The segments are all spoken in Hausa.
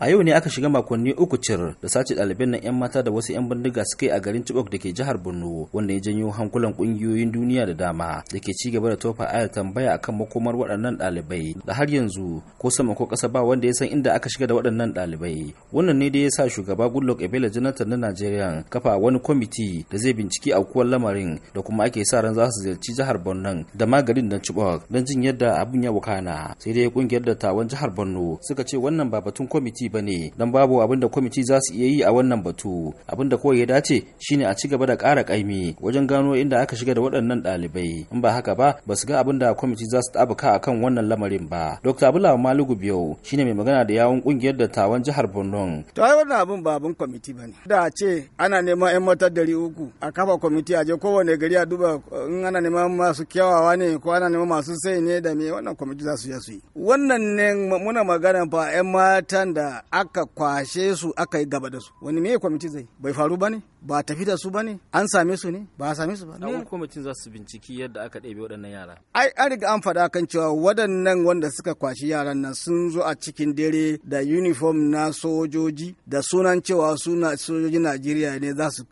a yau ne aka shiga makonni uku cir da sace ɗaliban nan 'yan mata da wasu 'yan bindiga suka yi a garin chibok da ke jihar borno wanda ya janyo hankulan ƙungiyoyin duniya da dama da ke ci gaba da tofa ayar tambaya akan makomar waɗannan ɗalibai da har yanzu ko sama ko ƙasa ba wanda ya san inda aka shiga da waɗannan ɗalibai wannan ne da ya sa shugaba goodluck ebele jonathan na najeriya kafa wani kwamiti da zai binciki aukuwar lamarin da kuma ake sa ran za su ziyarci jihar borno da ma garin na chibok don jin yadda abun ya wakana sai dai kungiyar dattawan jihar borno suka ce wannan ba batun kwamiti ba ne don babu abin da kwamiti za su iya yi a wannan batu abin da kawai ya dace shine a ci gaba da ƙara ƙaimi wajen gano inda aka shiga da waɗannan ɗalibai in ba haka ba ba su ga abin da kwamiti za su tabuka akan wannan lamarin ba dr abulawa malugu biyo shine mai magana da yawun ƙungiyar dattawan jihar borno to ai wannan abin ba abin kwamiti ba ne da a ce ana neman yan motar dari uku a kafa kwamiti a je kowane gari a duba in ana neman masu kyawawa ne ko ana neman masu sai ne da me wannan kwamiti za su yi wannan ne muna magana fa yan matan da aka kwashe su aka yi gaba da su wani me kwamiti zai bai faru ba ne ba tafi da su ba ne. an same su ne ba a same su ba ne kwamitin za su binciki yadda aka ɗebe waɗannan yara ai an riga an faɗa kan cewa waɗannan wanda suka kwashi yaran nan sun zo a cikin dare da uniform na sojoji da sunan cewa suna sojoji Najeriya ne za su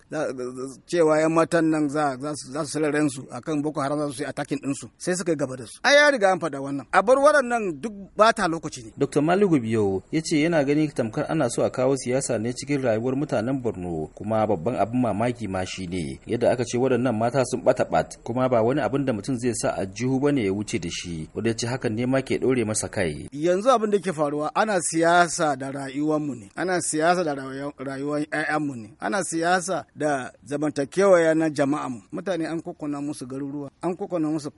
cewa yan matan nan za su za su a kan akan Boko Haram za su yi attacking su sai suka gaba da su ai an riga an faɗa wannan a bar waɗannan duk bata lokaci ne Dr. Maligu Biyo ce yana ganin tamkar ana so a kawo siyasa ne cikin rayuwar mutanen Borno kuma babban abin mamaki ma shi ne yadda aka ce waɗannan mata sun ɓata ɓat kuma ba wani abin da mutum zai sa a jihu bane ya wuce da shi wanda ya ce hakan ne ma ke ɗore masa kai. yanzu abin da ke faruwa ana siyasa da rayuwar mu ne ana siyasa da rayuwar mu ne ana siyasa da zamantakewa na jama'a mu mutane an kokona musu garuruwa an kokona musu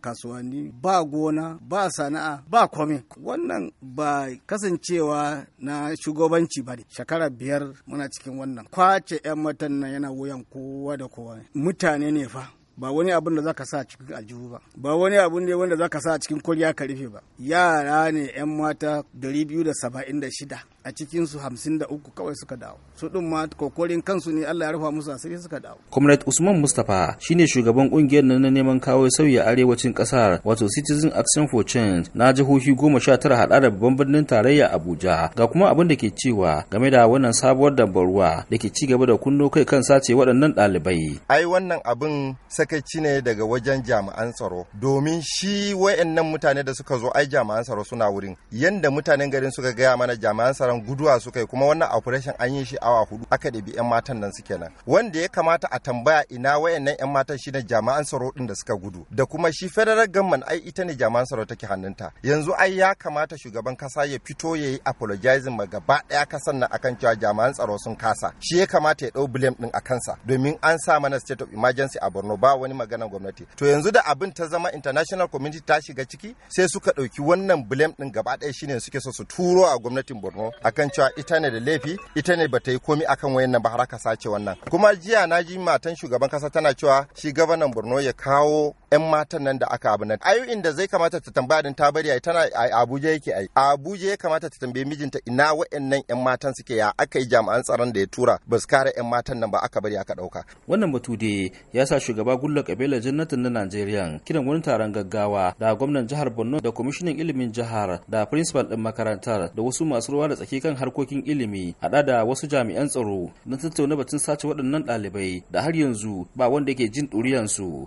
kasuwanni ba gona ba sana'a ba komai wannan ba kasancewa na shugabanci ba ne shekara biyar muna cikin wannan kwace 'yan matan nan yana wuyan kowa da kowa mutane ne fa ba wani abin da za ka sa cikin aljihu ba ba wani abun ne wanda za ka sa cikin kwarya ka rufe ba yara ne yan mata 276 a cikin su 53 kawai suka dawo su din ma kokorin kansu ne Allah ya rufa musu asiri suka dawo Comrade Usman Mustafa shine shugaban kungiyar nan na neman kawo sauyi arewacin kasar wato Citizen Action for Change na jihohi 19 hada da babban birnin tarayya Abuja ga kuma abin da ke cewa game da wannan sabuwar dambaruwa da ke ci gaba da kunno kai kan sace waɗannan ɗalibai ai wannan abin sakaci ne daga wajen jami'an tsaro domin shi wayannan mutane da suka zo ai jami'an tsaro suna wurin yanda mutanen garin suka gaya mana jami'an tsaro yaran guduwa suka yi kuma wannan operation an yi shi awa hudu aka ɗabi 'yan matan nan suke nan wanda ya kamata a tambaya ina wayannan 'yan matan shine jama'an tsaro din da suka gudu da kuma shi federal government ai ita ne jami'an tsaro take hannunta yanzu ai ya kamata shugaban kasa ya fito ya yi apologizing ma gaba ɗaya kasan nan akan cewa jama'an tsaro sun kasa shi ya kamata ya dau blame din a kansa domin an sa mana state of emergency a Borno ba wani magana gwamnati to yanzu da abin ta zama international community ta shiga ciki sai suka ɗauki wannan blame din gaba ɗaya shine suke so su turo a gwamnatin Borno akan cewa ita ne da laifi ita ne bata yi komi akan nan ba har aka sace wannan kuma jiya na ji matan shugaban kasa tana cewa shi gabanan Borno ya kawo 'yan matan nan da aka abu nan ayoyin da zai kamata ta tambaya din ta bari tana a Abuja yake ai Abuja ya kamata ta tambaye mijinta ina wa'annan 'yan matan suke ya aka yi jami'an tsaron da ya tura ba su kare 'yan matan nan ba aka bari aka dauka wannan batu dai ya sa shugaba Gulla Kabila Jannatin na Najeriya kiran wani taron gaggawa da gwamnan jihar Borno da kwamishinan ilimin jihar da principal ɗin makarantar da wasu masu ruwa da tsaki kan harkokin ilimi hada da wasu jami'an tsaro na tattauna batun sace waɗannan ɗalibai da har yanzu ba wanda ke jin ɗuriyansu